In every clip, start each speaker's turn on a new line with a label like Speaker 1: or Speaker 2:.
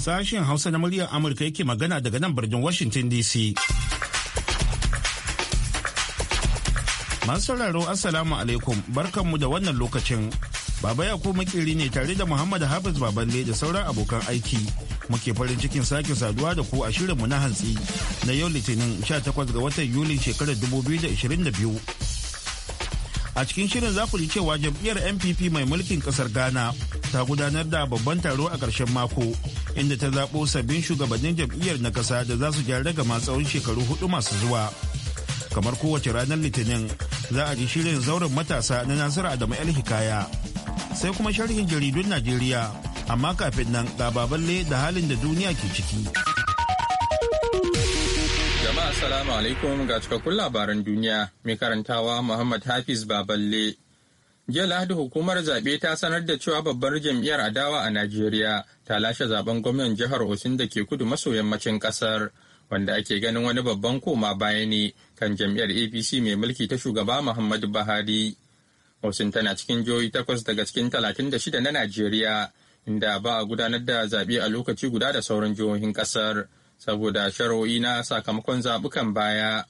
Speaker 1: Sashen Hausa na muryar Amurka yake magana daga nan birnin Washington DC. Masu sauraro Assalamu alaikum barkanmu da wannan lokacin. Baba Yakubu makiri ne tare da Muhammad Hafiz Baballe da sauran abokan aiki. Muke farin cikin sake saduwa da ku a shirinmu na hantsi na yau Litinin 18 ga watan yuli shekarar 2022. a cikin shirin za ku ji cewa jam'iyyar npp mai mulkin kasar ghana ta gudanar da babban taro a ƙarshen mako inda ta zaɓo sabbin shugabannin jam'iyyar na ƙasa da za su gyara ga tsawon shekaru hudu masu zuwa kamar kowace ranar litinin za a ji shirin zauren matasa na nasiru adamu el hikaya sai kuma sharhin jaridun najeriya amma kafin nan ga da halin da duniya ke ciki.
Speaker 2: Jama'a Assalamu alaikum ga cikakkun labaran duniya mai karantawa Muhammad Hafiz Baballe. Jiya Lahadi hukumar zaɓe ta sanar da cewa babbar jam'iyyar adawa a Najeriya ta lashe zaben gwamnan jihar Osun da ke kudu maso yammacin ƙasar wanda ake ganin wani babban koma baya ne kan jam'iyyar APC mai mulki ta shugaba Muhammadu Buhari. Osun tana cikin jihohi takwas daga cikin talatin da shida na Najeriya inda ba a gudanar da zaɓe a lokaci guda da sauran jihohin ƙasar. saboda shari'o'i na sakamakon zaɓukan baya.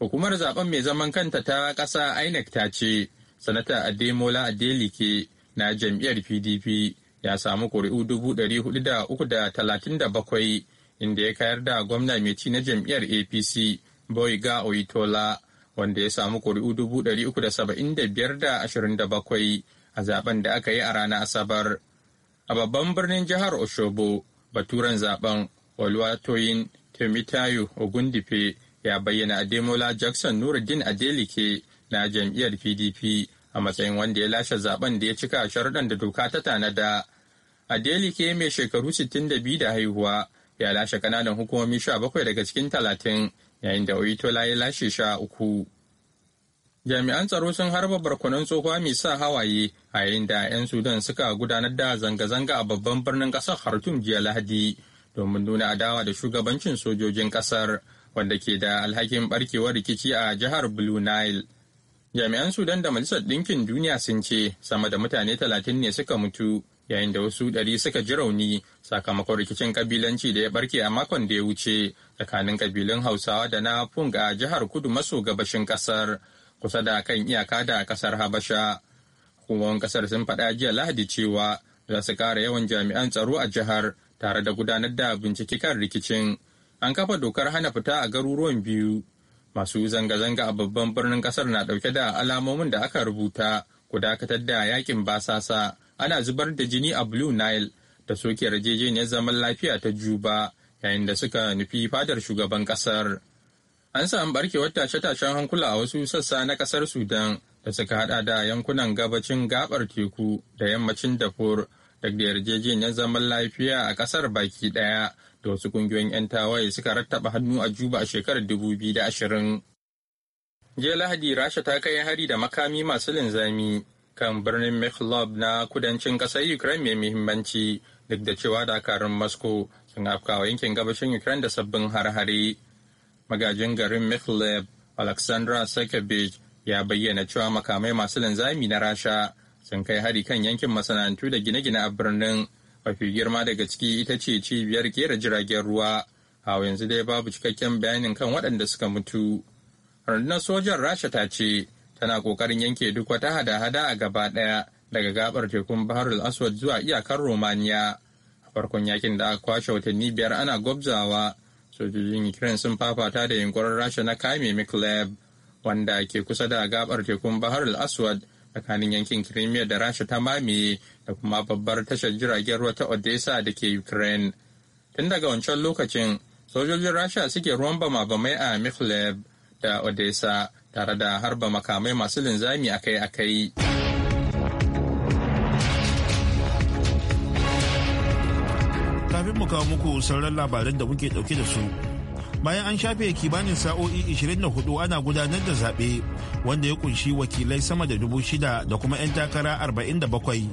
Speaker 2: Hukumar zaɓen mai zaman kanta ta ƙasa INEC ta ce, Sanata Ademola Adelike na jam'iyyar PDP ya samu ƙuri'u dubu ɗari hudu da uku da talatin da bakwai inda ya kayar da gwamna mai ci na jam'iyyar APC Boyga Oyitola wanda ya samu ƙuri'u dubu ɗari uku da saba'in da biyar da ashirin da bakwai a zaben da aka yi a ranar Asabar. A babban birnin jihar Oshobo, baturen zaben Oluwatoyin Temitayo Ogundife ya bayyana a Ademola Jackson Nuruddin Adelike na jam'iyyar PDP a matsayin wanda ya lashe zaben da ya cika sharuɗan da doka ta tanada. Adelike mai shekaru 62 da haihuwa ya lashe kananan hukumomi 17 daga cikin 30 yayin da Oyitola ya lashe sha uku. Jami'an tsaro sun harba barkunan tsohuwa mai sa hawaye a yayin da 'yan Sudan suka gudanar da zanga-zanga a babban birnin ƙasar Khartoum jiya Lahadi domin nuna adawa da shugabancin sojojin kasar wanda ke da alhakin barkewar rikici a jihar blue nile jami'an sudan da majalisar ɗinkin duniya sun ce sama da mutane talatin ne suka mutu yayin da wasu ɗari suka ji rauni sakamakon rikicin ƙabilanci da ya barke a makon da ya wuce tsakanin kabilun hausawa da na funga a jihar kudu maso gabashin ƙasar. kusa da kan iyaka da ƙasar habasha hukumomin ƙasar sun faɗa jiya lahadi cewa za su ƙara yawan jami'an tsaro a jihar tare da gudanar da bincike kan rikicin an kafa dokar hana fita a garuruwan biyu masu zanga-zanga a babban birnin kasar na dauke da alamomin da aka rubuta ku dakatar da yakin basasa ana zubar da jini a blue nile da soke yarjejeniyar zaman lafiya ta juba yayin da suka nufi fadar shugaban kasar an samu barkewar tashe-tashen hankula a wasu sassa na kasar sudan da suka hada da yankunan gabacin gabar teku da yammacin dafur duk da yarjejeniyar zaman lafiya a kasar baki daya da wasu kungiyoyin 'yan tawaye suka rattaba hannu a juba a shekarar 2020 jiya lahadi rasha ta kai hari da makami masu linzami kan birnin Mekhlob na kudancin kasar ukraine mai muhimmanci duk da cewa dakarun moscow sun afkawa yankin gabashin ukraine da sabbin har-hare magajin garin Mekhlob, alexandra sakevich ya bayyana cewa makamai masu linzami na rasha sun kai hari kan yankin masana'antu da gine-gine a birnin mafi girma daga ciki ita ce cibiyar kera jiragen ruwa a yanzu dai babu cikakken bayanin kan waɗanda suka mutu rundunar sojan rasha ta ce tana kokarin yanke duk wata hada-hada a gaba ɗaya daga gabar tekun baharul aswad zuwa iyakar romania a farkon yakin da aka kwashe watanni biyar ana gwabzawa sojojin ukraine sun fafata da yunkurin rasha na kame mikleb wanda ke kusa da gabar tekun baharul aswad tsakanin yankin crimea da rasha ta mamaye da kuma babbar tashar jiragen ruwa ta odessa da ke ukraine tun daga wancan lokacin sojojin rasha suke ruwan bama-bamai a Mikhlev da odessa tare da harba makamai masu linzami akai-akai
Speaker 1: kafin mu kawo muku sauran labaran da muke dauke da su bayan an shafe kimanin sa'o'i 24 ana gudanar da zaɓe wanda ya kunshi wakilai sama da dubu shida da kuma 'yan takara 47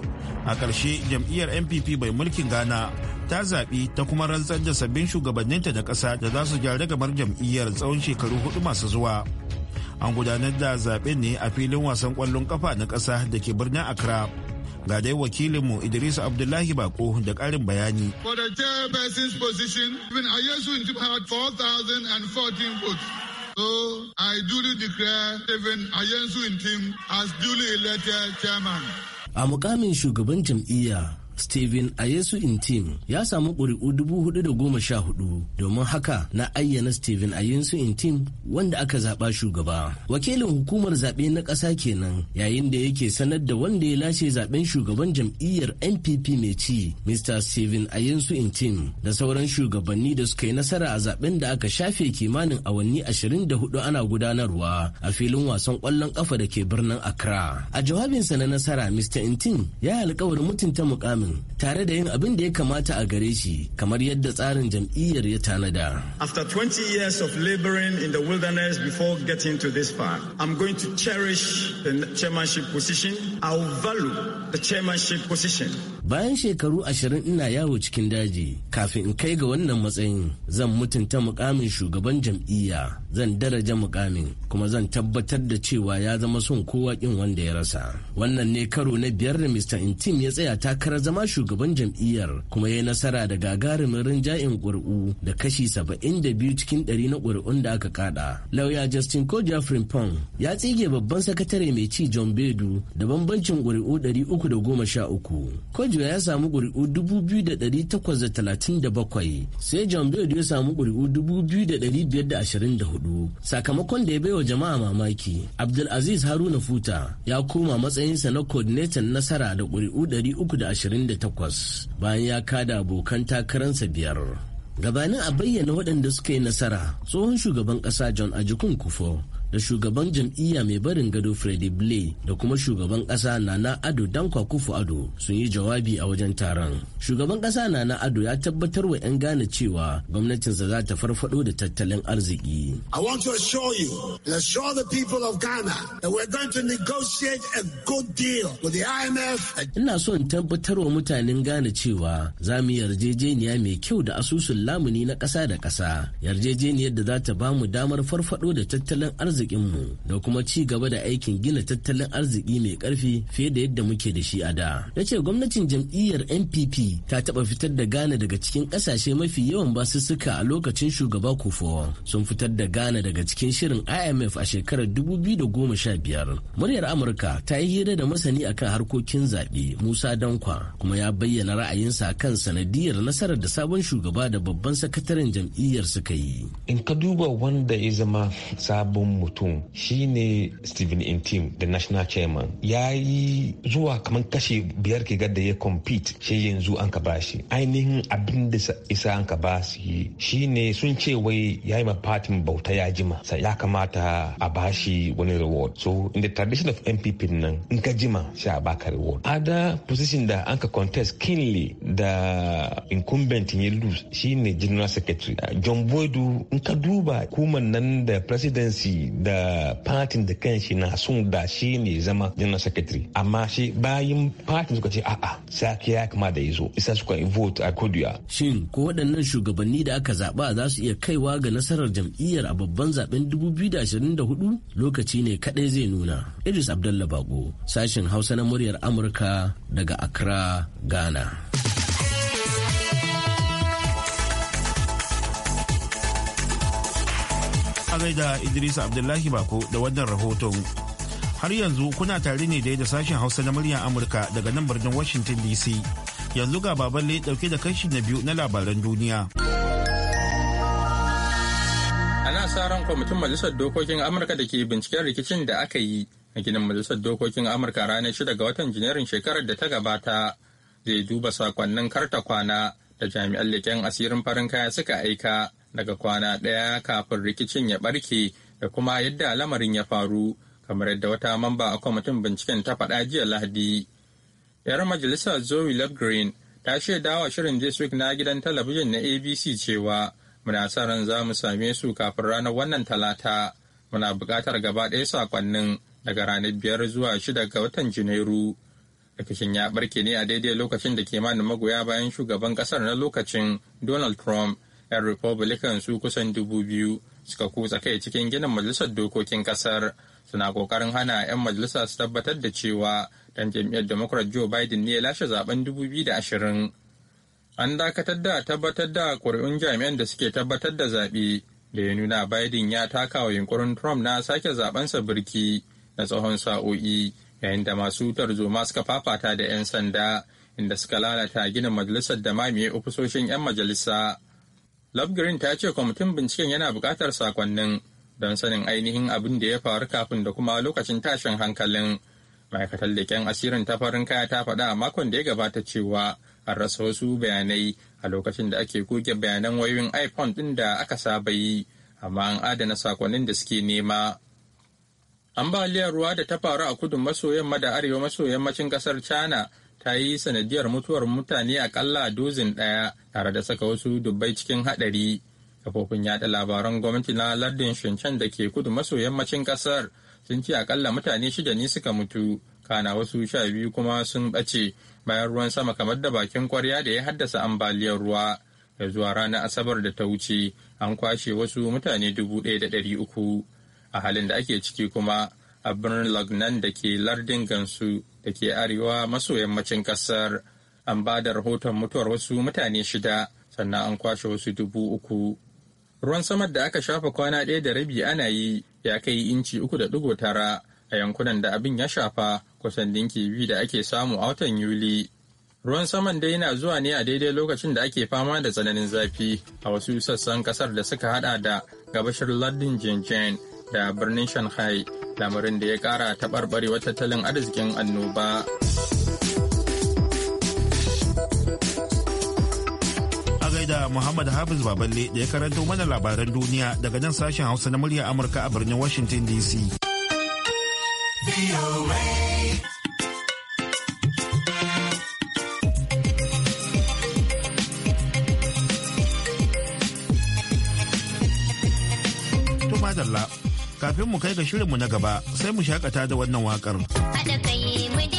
Speaker 1: a ƙarshe jam'iyyar npp bai mulkin ghana ta zaɓi ta kuma rantsar da sabbin shugabanninta da ƙasa da za su gyara gamar jam'iyyar tsawon shekaru hudu masu zuwa an gudanar da zaɓe ne a filin wasan ƙwallon ƙafa na ƙasa da ke birnin accra Ga dai wakilinmu Idris Abdullahi Bako da ƙarin bayani.
Speaker 3: For the chairperson's position, even Ayesu Ntip had 4,014 votes. So I duly declare even in team as duly elected chairman.
Speaker 4: A mukamin shugaban jam'iyya Steven Ayesu Intim ya samu ƙuri'u dubu hudu da goma sha hudu domin haka na ayyana Steven Ayesu Intim wanda aka zaɓa shugaba. Wakilin hukumar zaɓe na ƙasa kenan yayin da yake sanar da wanda ya lashe zaɓen shugaban jam'iyyar NPP mai ci Mr. Steven Ayesu Intim da sauran shugabanni da suka yi nasara a zaɓen da aka shafe kimanin awanni ashirin da hudu ana gudanarwa a filin wasan ƙwallon ƙafa da ke birnin Accra. A jawabinsa na nasara Mr. Intim ya yi alƙawarin mutunta muƙamin. mutumin tare da yin abin da ya kamata a gare shi kamar yadda tsarin jam'iyyar ya tanada.
Speaker 1: After 20 years of laboring in the wilderness before getting to this far, I'm going to cherish the chairmanship position. I will value the chairmanship position.
Speaker 4: Bayan shekaru ashirin ina yawo cikin daji kafin in kai ga wannan matsayin zan mutunta mukamin shugaban jam'iyya zan daraja mukamin kuma zan tabbatar da cewa ya zama son kowa kin wanda ya rasa. Wannan ne karo na biyar da Mr. Intim ya tsaya takarar zama zama shugaban jam'iyyar kuma ya yi nasara da gagarumin rinjayen ƙuri'u da kashi 72 cikin ɗari na ƙuri'un da aka kada. Lauya Justin Jeffrey Pong ya tsige babban sakatare mai ci John Bedu da bambancin ƙuri'u 313. Kojo ya samu ƙuri'u 2,837 sai John Bedu ya samu ƙuri'u 2,524. Sakamakon da ya baiwa jama'a mamaki, Abdulaziz Haruna Futa ya koma matsayinsa na coordinator nasara da ƙuri'u 320 28 bayan ya kada abokan takararsa biyar. Gabanin a bayyana waɗanda suka yi nasara tsohon shugaban ƙasa John Ajikun Kufo da shugaban jam'iyya mai barin gado Freddy Blay da kuma shugaban ƙasa Nana Ado Dankwa Ado sun yi jawabi a wajen taron. Shugaban ƙasa Nana Ado ya tabbatar wa 'yan gane cewa gwamnatinsa za ta farfado da tattalin arziki. I
Speaker 1: want to assure you and assure the people of Ghana that we're going to negotiate a good
Speaker 4: deal with the IMF. Ina so in tabbatar wa mutanen Ghana cewa za mu yarjejeniya mai kyau da asusun lamuni na ƙasa da ƙasa. Yarjejeniyar da za ta ba mu damar farfado da tattalin arziki arzikinmu da kuma ci gaba da aikin gina tattalin arziki mai karfi fiye da yadda muke da shi a da. Ya ce gwamnatin jam'iyyar NPP ta taɓa fitar da Ghana daga cikin ƙasashe mafi yawan basussuka a lokacin shugaba Kufuor. Sun fitar da Ghana daga cikin shirin IMF a shekarar 2015. Muryar Amurka ta yi hira da masani akan harkokin zaɓe Musa Dankwa kuma ya bayyana ra'ayinsa kan sanadiyar nasarar da sabon shugaba da babban sakataren jam'iyyar suka yi. In ka duba wanda ya zama sabon mutum shine Steven Intim da national chairman
Speaker 2: ya
Speaker 1: yi zuwa kamar kashe biyar ke da ya compete shi yanzu an ka bashi ainihin abin da isa an ka shi shine sun ce wai ya yi ma fatin bauta ya jima sa ya kamata a bashi wani reward so in the tradition of MPP nan in ka jima a baka reward ada position da an ka contest kinley da incumbent ya lose shine general secretary John Boydu in ka duba kuma nan da presidency da fatin da kan shi na sun da shi ne zama general secretary
Speaker 4: amma shi bayan fatin suka ce a'a sake ya kama da yazo isa suka vote a kodiya shin ko waɗannan shugabanni da aka zaɓa za su iya kaiwa ga nasarar jam'iyyar a babban zaben 2024 lokaci ne kaɗai zai nuna idris abdullahi bago sashen hausa na muryar amurka daga accra ghana
Speaker 1: a gaida Idris Abdullahi Bako da wannan rahoton. Har yanzu kuna tare ne da sashen Hausa na muryar Amurka daga nan birnin Washington DC. Yanzu ga baballe dauke da kashi na
Speaker 2: biyu na labaran duniya. Ana sa ran kwamitin Majalisar Dokokin Amurka da ke binciken rikicin da aka yi a ginin Majalisar Dokokin Amurka ranar 6 ga watan Janairun shekarar da ta gabata zai duba sakonnin karta kwana da jami'an leƙen asirin farin kaya suka aika daga kwana ɗaya kafin rikicin ya ɓarke da kuma yadda lamarin ya faru kamar yadda wata mamba a kwamitin binciken ta faɗa jiya lahadi yar majalisa zoe Lovegreen ta shaida wa shirin this week na gidan talabijin na abc cewa muna sa ran za mu same su kafin ranar wannan talata muna buƙatar gaba ɗaya sakonnin daga ranar biyar zuwa shida ga watan janairu rikicin ya barke ne a daidai lokacin da kimanin magoya bayan shugaban ƙasar na lokacin donald trump 'yan republican su kusan dubu biyu suka kutsa kai cikin ginin majalisar dokokin kasar suna kokarin hana 'yan majalisa su tabbatar da cewa dan jam'iyyar democrat joe biden ne ya lashe zaben 2020 an dakatar da tabbatar da ƙuri'un jami'an da suke tabbatar da zaɓe da ya nuna biden ya taka wa yunkurin trump na sake zabensa birki na tsawon sa'o'i yayin da masu tarzoma suka fafata da 'yan sanda inda suka lalata ginin majalisar da mamaye ofisoshin 'yan majalisa Love ta ce kwamitin binciken yana buƙatar sakonnin don sanin ainihin abin da ya faru kafin da kuma lokacin tashin hankalin. Ma'aikatar leƙen asirin ta farin kaya ta faɗa a makon da ya gabata cewa an rasa wasu bayanai a lokacin da ake goge bayanan wayoyin iPhone ɗin da aka saba yi, amma an adana sakonnin da suke nema. Ambaliyar ruwa da ta faru a kudu maso yamma da arewa maso yammacin ƙasar China ta yi sanadiyar mutuwar mutane akalla dozin ɗaya tare da saka wasu dubbai cikin haɗari. Kafofin yaɗa labaran gwamnati na lardin Shincan da ke kudu maso yammacin ƙasar sun ce akalla mutane shida ne suka mutu, kana wasu sha biyu kuma sun ɓace bayan ruwan sama kamar da bakin kwarya da ya haddasa ambaliyar ruwa. Da zuwa ranar Asabar da ta wuce, an kwashe wasu mutane dubu ɗaya da ɗari uku. A halin da ake ciki kuma, a birnin Lagnan da ke lardin Gansu da ke arewa maso yammacin kasar an ba da rahoton mutuwar wasu mutane shida sannan an kwashe wasu dubu uku ruwan samar da aka shafa kwana ɗaya da rabi ana yi ya kai inci uku da ɗigo tara a yankunan da abin ya shafa kusan dinki biyu da ake samu a watan yuli ruwan saman dai yana zuwa ne a daidai lokacin da ake fama da tsananin zafi a wasu sassan kasar da suka hada da gabashin lardin jinjin da birnin shanghai lamarin da ya kara taɓarɓarewar tattalin arzikin annoba.
Speaker 1: A gaida Muhammad Hafiz Baballe da ya karanto mana labaran duniya daga nan sashen Hausa na murya Amurka a birnin Washington DC. Tumadalla kafin mu kai ga shirinmu na gaba sai mu shakata da wannan waƙar.
Speaker 5: Haɗa kai mu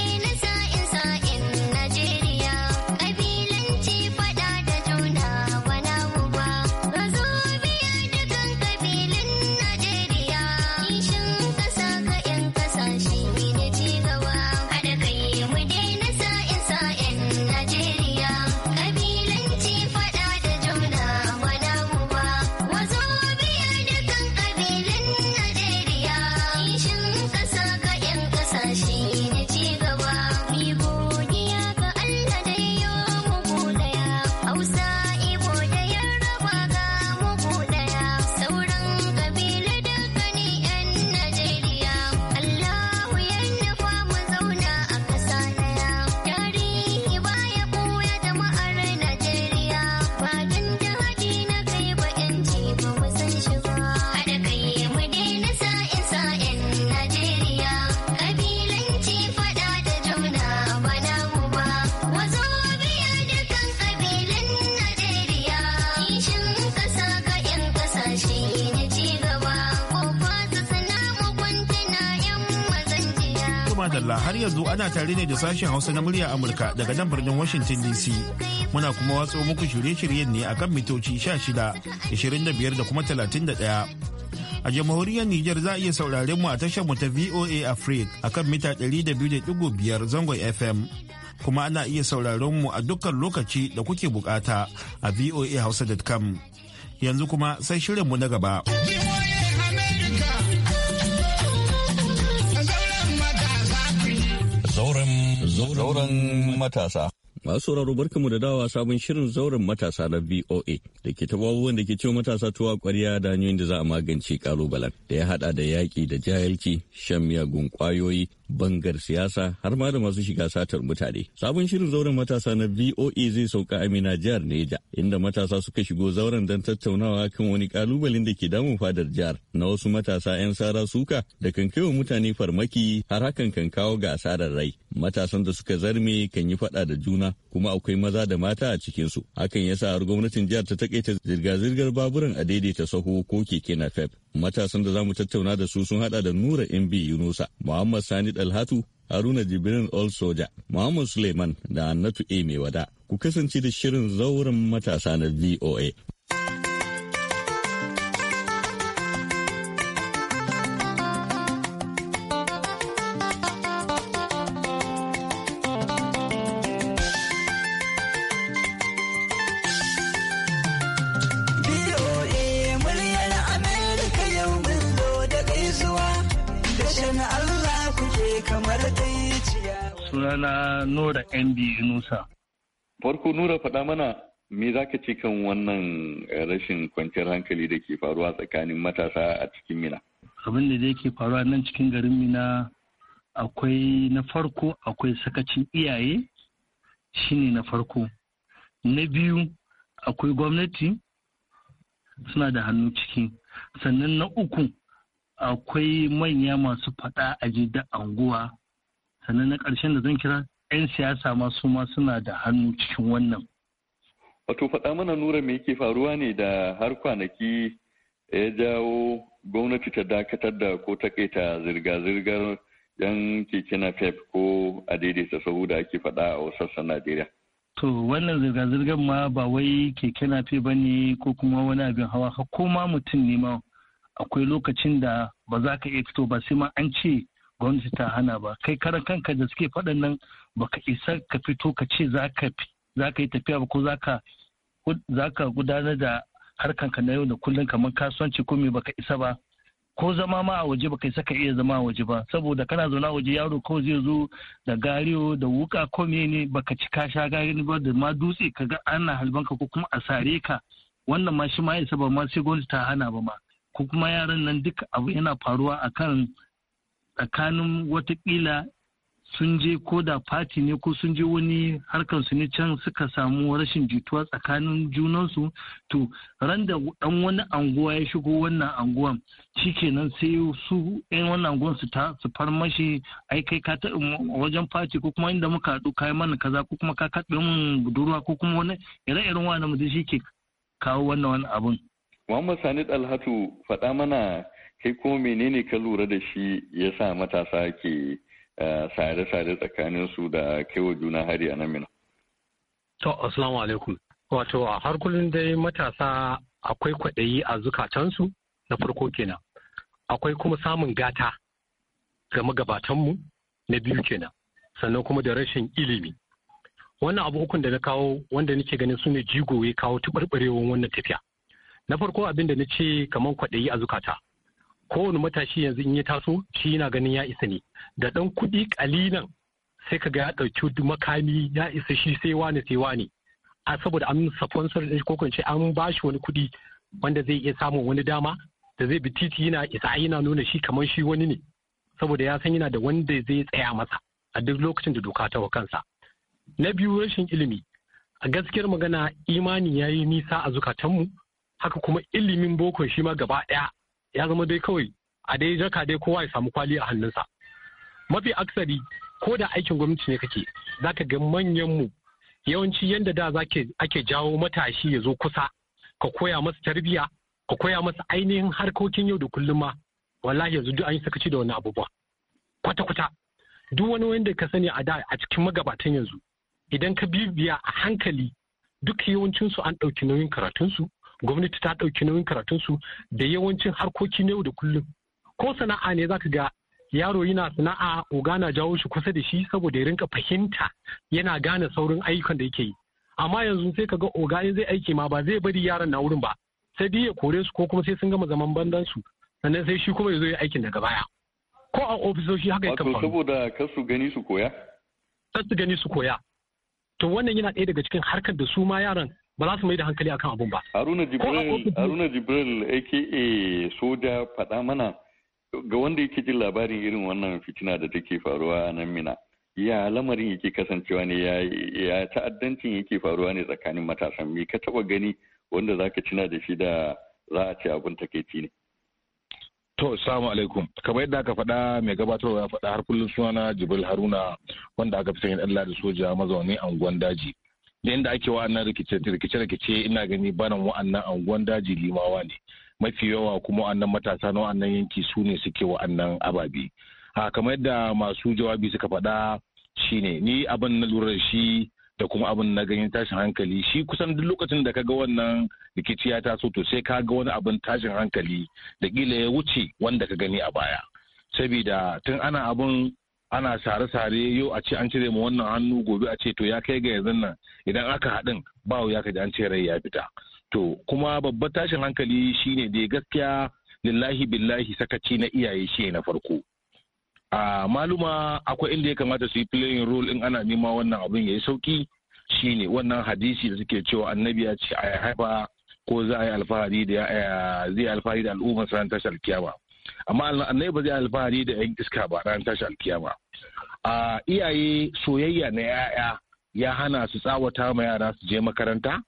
Speaker 1: yanzu ana tare ne da sashen Hausa na murya Amurka daga nan birnin Washington DC. Muna kuma watsa muku shirye-shiryen ne akan mitoci 16, 25 da kuma 31. A jamhuriyar Nijar za a iya sauraren mu a tashar mu ta VOA Africa akan mita 200.5 zangon FM. Kuma ana iya sauraron mu a dukkan lokaci da kuke bukata a voahausa.com. Yanzu kuma sai shirinmu na gaba. Yeah!
Speaker 3: zauren matasa. Masu sauraro mu da dawa sabon shirin zauren matasa na VOA da ke taɓa da ke ciwo matasa tuwa kwarya da hanyoyin da za a magance kalubalen da ya hada da yaƙi da jahilci, shan miyagun ƙwayoyi, bangar siyasa har ma da masu shiga satar mutane. Sabon shirin zauren matasa na VOA e zai sauka Amina jihar Neja inda matasa suka shigo zauren don tattaunawa kan wani kalubalen da ke damun fadar jihar na wasu matasa 'yan sara suka da kan kaiwa mutane farmaki har hakan kan kawo ga asarar rai. Matasan da suka zarme kan yi fada da juna kuma akwai maza da mata a cikinsu. Hakan ya sa har gwamnatin jihar ta takaita zirga-zirgar baburan a daidaita saho ko keke na fep Matasan da za mu tattauna da su sun hada da Nura MB Yunusa, Muhammad Sani Dalhatu, Haruna Jibrin Old Soja, Muhammad Suleiman da Annatu A. wada. Ku kasance da shirin zauren matasa na VOA.
Speaker 6: na Nura ND Inusa.
Speaker 3: Farko Nura faɗa mana me za ka ce kan wannan rashin kwanciyar hankali da ke faruwa tsakanin matasa a cikin mina?
Speaker 6: Abin da ke faruwa nan cikin garin mina akwai na farko akwai sakacin iyaye shine na farko. Na biyu akwai gwamnati suna da hannu ciki. Sannan na uku akwai manya masu faɗa a da anguwa sannan na ƙarshen da zan kira 'yan siyasa ma su ma suna da hannu cikin wannan.
Speaker 3: Wato faɗa mana nura me yake faruwa ne da har kwanaki ya jawo gwamnati ta dakatar da ko takaita zirga-zirgar yan keke na fef ko a daidaita sahu da ake faɗa a wasu sassan Najeriya.
Speaker 6: To wannan zirga-zirgar ma ba wai keke na fe ba ne ko kuma wani abin hawa ko ma mutum ne ma akwai lokacin da ba za ka iya fito ba sai ma an ce gwamnati ta hana ba kai karan kanka da suke faɗan nan ba ka isa ka fito ka ce za ka yi tafiya ba ko za ka gudanar da harkanka na yau da kullum kamar kasuwanci ko me baka isa ba ko zama ma a waje baka isa ka iya zama a waje ba saboda kana zaune a waje yaro ko zai zo da gariyo da wuka ko ne baka cika sha gari ba da ma dutse ka ga ana halbanka ko kuma a sare ka wannan ma shi ma isa ba ma sai gwamnati ta hana ba ma ko kuma yaran nan duka abu yana faruwa akan tsakanin watakila sun je ko da fati ne ko sun je wani harkarsu ne can suka samu rashin jituwa tsakanin junansu to ran da dan wani anguwa ya shigo wannan anguwan shi kenan sai su yan wannan anguwan su ta su farmashi ai kai ka ta wajen fati ko kuma inda muka haɗu kai mana kaza ko kuma ka kaɗe mun budurwa ko kuma wani ire-iren wani, mutum shi ke kawo wannan wani abun.
Speaker 3: Muhammad Sani Dalhatu faɗa mana kai kuma menene ka lura da shi ya sa matasa ke eh, sare-sare tsakanin su da kaiwa juna hari a nan mina.
Speaker 7: To, Assalamu alaikum. Wato, a har kullum dai matasa akwai kwaɗayi a zukatansu na farko kenan. Akwai kuma samun gata ga magabatanmu na biyu kenan. Sannan kuma da rashin ilimi. Wannan abu da na kawo wanda nake ganin su ne jigo ya kawo taɓarɓarewar wannan tafiya. Na farko abin da na ce kamar kwaɗayi a zukata. kowane matashi yanzu in ya taso shi yana ganin ya isa ne da ɗan kuɗi kalilan sai ka ga ya ɗauki makami ya isa shi sai wani sai wani a saboda an sponsor ɗin ko kan ce an bashi wani kuɗi wanda zai iya samun wani dama da zai bi titi yana isa yana nuna shi kamar shi wani ne saboda ya san yana da wanda zai tsaya masa a duk lokacin da doka ta wa kansa na biyu rashin ilimi a gaskiyar magana imani ya yi nisa a zukatanmu haka kuma ilimin boko shi ma gaba ɗaya ya zama dai kawai a dai jaka dai kowa ya samu kwali a hannunsa mafi aksari ko da aikin gwamnati ne kake za ka ga mu yawanci yadda da za ake jawo matashi ya zo kusa ka koya masa tarbiyya ka koya masa ainihin harkokin yau da kullum ma wallahi yanzu duk an yi sakaci da wani abubuwa kwata-kwata duk wani wanda ka sani a da a cikin magabatan yanzu idan ka bibiya a hankali duk yawancinsu an ɗauki nauyin karatunsu gwamnati ta ɗauki nauyin karatunsu da yawancin harkoki na yau da kullum ko sana'a ne zaka ga yaro yana sana'a oga na jawo shi kusa da shi saboda ya rinka fahimta yana gane saurin ayyukan da yake yi amma yanzu sai ka ga oga in zai aiki ma ba zai bari yaran na wurin ba sai dai ya kore su ko kuma sai sun gama zaman bandan su sannan sai shi kuma ya zo ya aikin daga baya ko a ofisoshi haka yakan faru
Speaker 3: saboda kar su gani su koya
Speaker 7: kar su gani su koya to wannan yana ɗaya daga cikin harkar da su ma yaran ba za su mai da hankali akan abun ba.
Speaker 3: Haruna Jibril, Haruna Jibril aka soja faɗa mana ga wanda yake jin labarin irin wannan fitina da take faruwa a nan mina. Ya lamarin yake kasancewa ne ya ta'addancin yake faruwa ne tsakanin matasan me ka taba gani wanda za ka cina da shi da za a ce abin takaici ne.
Speaker 8: To, salamu alaikum. Kamar yadda aka faɗa mai gabatarwa ya faɗa har kullum sunana Jibril Haruna wanda aka fi sanin Allah da soja a unguwan daji. da yadda ake wa'annan rikice-rikice ina gani barin wa'annan anguwan daji limawa ne mafi yawa kuma wa'annan matasa na wa'annan yanki su ne suke wa'annan ababe ha kamar yadda masu jawabi suka faɗa shine ni abin na lura shi da kuma abin na ganin tashin hankali shi kusan duk lokacin da kaga wannan rikici ya taso to sai ka ga wani abin tashin hankali da kila ya wuce wanda ka gani a baya saboda tun ana abin ana sare-sare yau a ce an cire mu wannan hannu gobe a ce to ya kai ga yanzu nan idan aka haɗin ba ya kaji an ce rai ya fita to kuma babban tashin hankali shine dai gaskiya lillahi billahi sakaci na iyaye shi na farko a maluma akwai inda ya kamata su yi playing role in ana nema wannan abin ya yi sauki shine wannan hadisi da suke cewa annabi ya ce a haifa ko za a yi alfahari da eh, zai alfahari da al'ummar sanar tashar kiyama amma annai ba zai alfahari da yan iska ba ran tashi alkiyama a iyaye soyayya na yaya ya hana su tsawata ma yara su je makaranta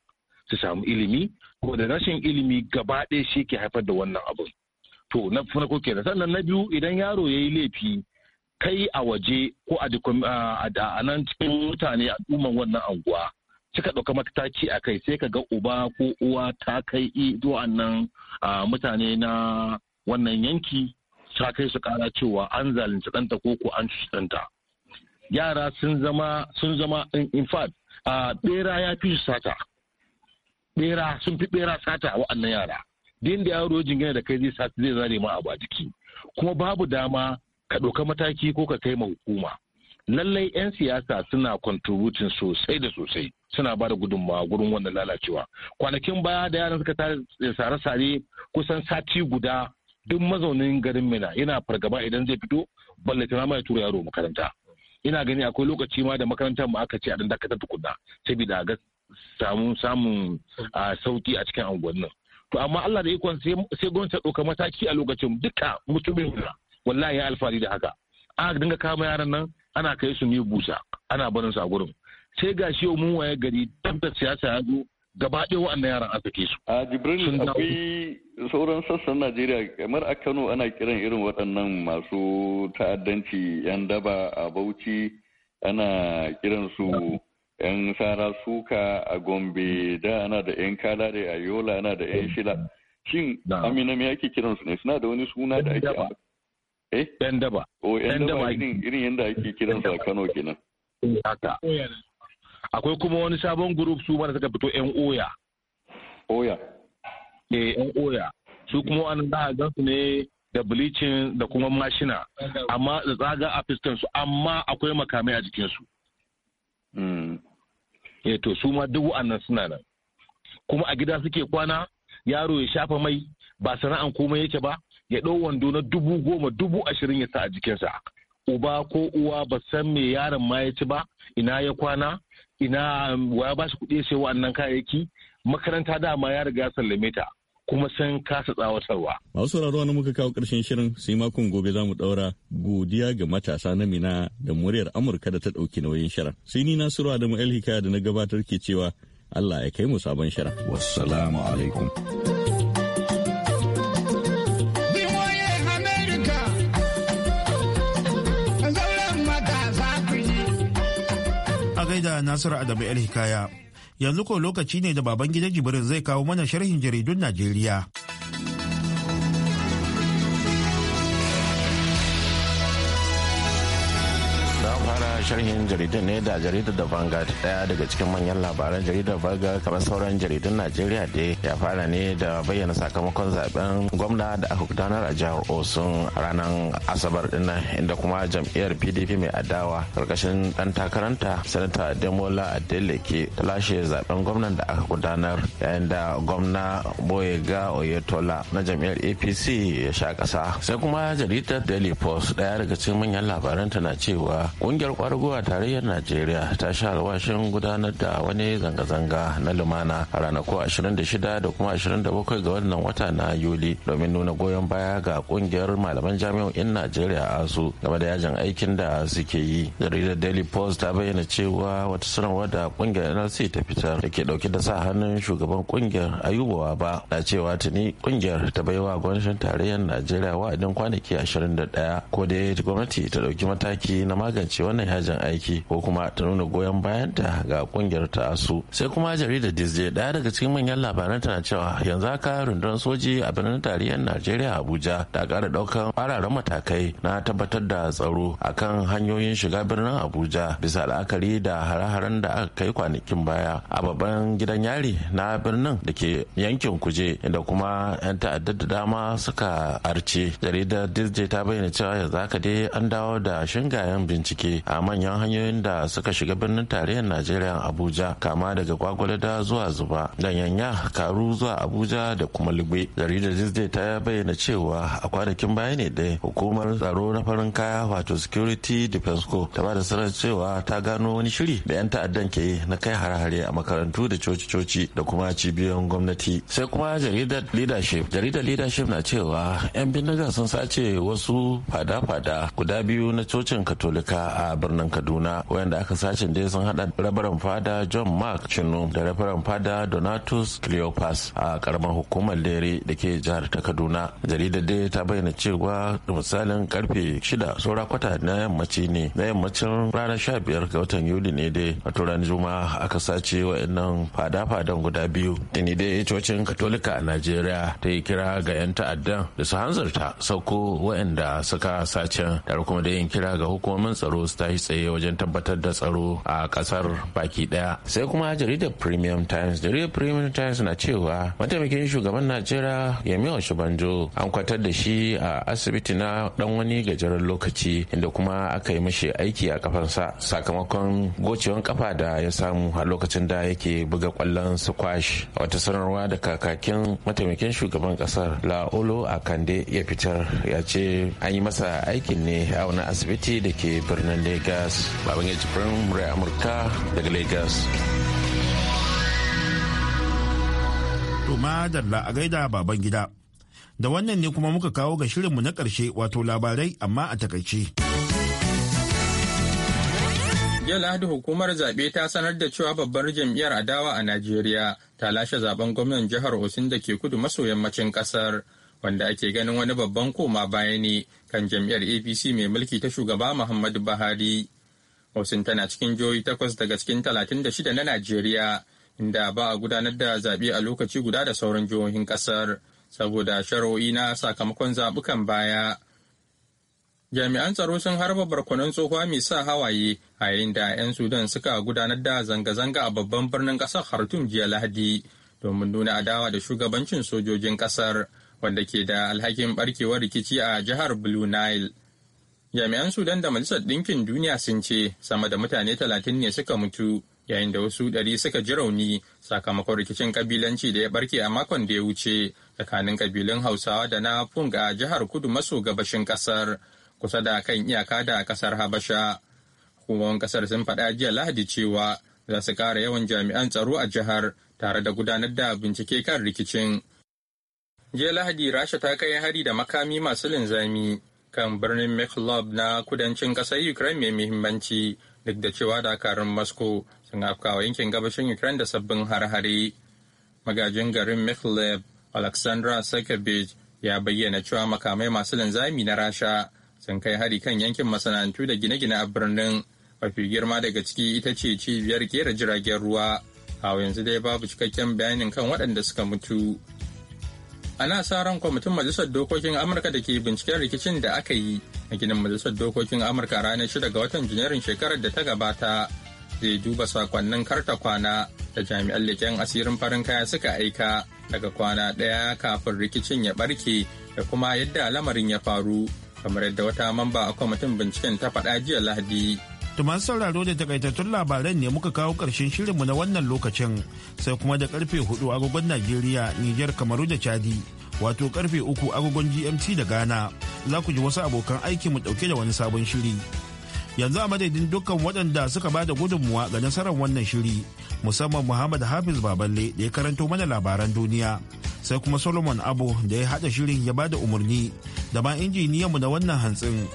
Speaker 8: su samu ilimi ko da rashin ilimi gaba ɗaya shi ke haifar da wannan abin to na farko kenan sannan na biyu idan yaro ya yi laifi kai a waje ko a nan cikin mutane a duman wannan anguwa suka ɗauka mataki a kai sai ka ga uba ko uwa ta kai nan mutane na wannan yanki ta kai su kara cewa an zalunci ɗanta ko ko an cuci ɗanta yara sun zama sun zama in fact a bera ya fi su sata bera sun fi bera sata a wa'annan yara din da yaro jingina da kai zai zai zare ma a jiki kuma babu dama ka ɗauka mataki ko ka kai ma hukuma lallai 'yan siyasa suna contributing sosai da sosai suna ba da gudunmawa gurin wannan lalacewa kwanakin baya da yaran suka tare sare-sare kusan sati guda duk mazaunin garin mina yana fargaba idan zai fito ta ma ya tura yaro makaranta ina gani akwai lokaci ma da makarantar mu aka ce a dan dakatar tukunna saboda ga samun samun sauki a cikin unguwannin to amma Allah da ikon sai gwamnati ta ɗauka mataki a lokacin duka mutumin da wallahi ya alfari da haka a dinga kama yaran nan ana kai su ne busa ana barin su a gurin sai gashi shi mun waye gari tantar siyasa ya zo gaba ɗaya waɗannan yaran an sake su. A Jibril akwai
Speaker 3: sauran sassan Najeriya kamar a Kano ana kiran irin waɗannan masu ta'addanci 'yan daba a Bauchi ana kiran su 'yan sara suka a Gombe da ana da 'yan kalare a Yola ana da 'yan shila. Shin Amina me yake kiran su ne suna da wani suna da ake amma. Eh? 'Yan daba. Oh, 'yan daba irin yadda ake kiran su a Kano kenan. Haka. akwai kuma wani sabon
Speaker 8: group su mana suka fito yan oya oya eh yan oya su kuma wani za a gansu ne da bleaching da kuma mashina amma da tsaga a fiskan su amma akwai makamai a jikin su hmm. eh to su ma duk wannan suna nan kuma a gida suke kwana yaro ya shafa mai ba sana'an komai yake ba ya ɗau wando na dubu goma dubu ashirin ya sa a jikinsa uba ko uwa ba san me yaron ma ya ci ba ina ya kwana ina waya ba su kuɗi sai wa'annan kayayyaki makaranta dama ya riga sallame ta kuma sun kasa tsawatarwa.
Speaker 3: Masu sauraro na muka kawo ƙarshen shirin sai makon gobe za mu ɗaura godiya ga matasa na mina da muryar Amurka da ta ɗauki nauyin shirin. Sai ni Nasiru Adamu El Hikaya da na gabatar ke cewa Allah ya kai mu sabon shirin. Wassalamu alaikum.
Speaker 1: da Nasiru Adamu El Hikaya. Yanzu ko lokaci ne da baban gida Jibrin zai kawo mana sharhin jaridun Najeriya.
Speaker 9: sharhin jaridun ne da jaridar da Vanguard daya daga cikin manyan labaran jaridar vanga kamar sauran jaridun Najeriya da ya fara ne da bayyana sakamakon zaben gwamna da aka gudanar a jihar Osun ranar Asabar dinnan inda kuma jam'iyyar PDP mai adawa karkashin dan takaranta Sanata Demola Adeleke ta lashe zaben gwamnan da aka gudanar yayin da gwamna Boyega Oyetola na jam'iyyar APC ya sha kasa sai kuma jaridar Daily Post daya daga cikin manyan labaran ta na cewa kungiyar Wargo a tarayyar Najeriya ta sha alwashin gudanar da wani zanga-zanga na lumana a ranaku 26 da kuma 27 ga wannan wata na Yuli domin nuna goyon baya ga kungiyar malaman jami'o'in Najeriya ASU game da yajin aikin da suke yi. Jaridar Daily Post ta bayyana cewa wata sanarwa da kungiyar NLC ta fitar da ke dauke da sa hannun shugaban kungiyar ayubawa ba na cewa tuni kungiyar ta baiwa gwamnatin tarayyar Najeriya wa'adin kwanaki 21 ko dai gwamnati ta dauki mataki na magance wannan yajin aiki ko kuma ta nuna goyon bayanta ga kungiyar ta asu sai kuma jaridar disney daya daga cikin manyan labaran tana cewa yanzu haka rundunar soji a birnin tarihin najeriya abuja ta kara daukan fararen matakai na tabbatar da tsaro akan hanyoyin shiga birnin abuja bisa la'akari da hare-haren da aka kai kwanakin baya a babban gidan yari na birnin da ke yankin kuje inda kuma 'yan ta'addar da dama suka arce jaridar disney ta bayyana cewa yanzu haka dai an dawo da shingayen bincike a manyan hanyoyin da suka shiga birnin tarayyar najeriya abuja kama daga kwakwalada zuwa zuba da yanya karu zuwa abuja da kuma ligbe jaridar Jizde ta bayyana cewa a kwanakin baya ne ɗaya hukumar tsaro na farin kaya wato security defense co ta ba da sanar cewa ta gano wani shiri da 'yan ta'addan ke yi na kai hare-hare a makarantu da coci-coci da kuma cibiyoyin gwamnati sai kuma jaridar leadership jaridar leadership na cewa 'yan bindiga sun sace wasu fada-fada guda biyu na cocin katolika a birnin birnin kaduna wayanda aka sace dai sun hada rabaran fada john mark chinu da rabaran fada donatus cleopas a karamar hukumar lere da ke jihar ta kaduna jaridar dai ta bayyana cewa misalin karfe shida saura kwata na yammaci ne na yammacin ranar sha biyar ga watan yuli ne dai a turan juma'a aka sace wa'annan fada-fadan guda biyu da ni dai cocin katolika a najeriya ta yi kira ga 'yan ta'addan da su hanzarta sauko wa'anda suka sace da kuma da yin kira ga hukumomin tsaro su tashi tsaye wajen tabbatar da tsaro a kasar baki daya sai kuma jaridar premium times jaridar premium times na cewa mataimakin shugaban najeriya yamiwa shubanjo an kwatar da shi a asibiti na dan wani gajeren lokaci inda kuma aka yi mashi aiki a kafansa sakamakon gocewan kafa da ya samu a lokacin da yake buga kwallon squash a wata sanarwa da kakakin mataimakin shugaban kasar laolo a kande ya fitar ya ce an yi masa aikin ne a wani asibiti da ke birnin lagos Lagos. Baban ya ci Amurka daga Lagos.
Speaker 1: Tuma Dalla a gaida baban gida. Da wannan ne kuma muka kawo ga shirinmu na ƙarshe wato labarai amma a takaice.
Speaker 2: Jiya Lahadi hukumar zaɓe ta sanar da cewa babbar jam'iyyar adawa a Najeriya ta lashe zaben gwamnan jihar Osun da ke kudu maso yammacin ƙasar. wanda ake ganin wani babban koma baya ne kan jam'iyyar apc mai mulki ta shugaba muhammadu buhari Hausin tana cikin jihohi takwas daga cikin talatin da shida na najeriya inda ba a gudanar da zaɓe a lokaci guda da sauran jihohin ƙasar saboda sharo'i na sakamakon zaɓukan baya jami'an tsaro sun harba barkwanon tsohuwa mai sa hawaye a yayin da 'yan sudan suka gudanar da zanga-zanga a babban birnin ƙasar khartoum jiya lahadi domin nuna adawa da shugabancin sojojin ƙasar wanda ke da alhakin barkewar rikici a jihar Blue Nile. Jami'an Sudan da Majalisar Ɗinkin Duniya sun ce sama da mutane talatin ne suka mutu yayin da wasu ɗari suka ji rauni sakamakon rikicin ƙabilanci da ya barke a makon da ya wuce tsakanin kabilun Hausawa da na funga a jihar Kudu maso gabashin ƙasar kusa da kan iyaka da ƙasar Habasha. Hukumomin ƙasar sun faɗa jiya Lahadi cewa za su ƙara yawan jami'an tsaro a jihar tare da gudanar da bincike kan rikicin jiya lahadi rasha ta kai hari da makami masu linzami kan birnin mekhlob na kudancin ƙasar ukraine mai muhimmanci duk da cewa dakarun moscow sun afkawa yankin gabashin ukraine da sabbin har-hare magajin garin mekhlob alexandra sakabej ya bayyana cewa makamai masu linzami na rasha sun kai hari kan yankin masana'antu da gine-gine a birnin mafi girma daga ciki ita ce cibiyar kera jiragen ruwa a yanzu dai babu cikakken bayanin kan waɗanda suka mutu ana sa ran kwamitin majalisar dokokin amurka da ke binciken rikicin da aka yi a ginin majalisar dokokin amurka ranar shida ga watan janairun shekarar da ta gabata zai duba sakonnin karta kwana da jami'an leƙen asirin farin kaya suka aika daga kwana ɗaya kafin rikicin ya ɓarke da kuma yadda lamarin ya faru kamar yadda wata mamba a kwamitin binciken ta faɗa jiya lahadi masu sauraro da
Speaker 1: takaitattun labaran ne muka kawo ƙarshen shirinmu na wannan lokacin sai kuma da karfe hudu agogon Najeriya, Nijar, Kamaru da Chadi. Wato karfe uku agogon GMT da Ghana za ku ji wasu abokan aiki mu ɗauke da wani sabon shiri. Yanzu a madadin dukkan waɗanda suka ba da gudunmuwa ga nasarar wannan shiri musamman Muhammad Hafiz Baballe da ya karanto mana labaran duniya. Sai kuma Solomon abu da ya haɗa shirin ya ba da umarni da ma injiniyanmu na wannan hantsin.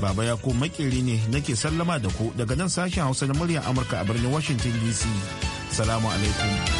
Speaker 1: Baba ya ko makeri ne nake sallama da ku daga nan sashen Hausa na muryar Amurka a birnin Washington DC. Salamu alaikum.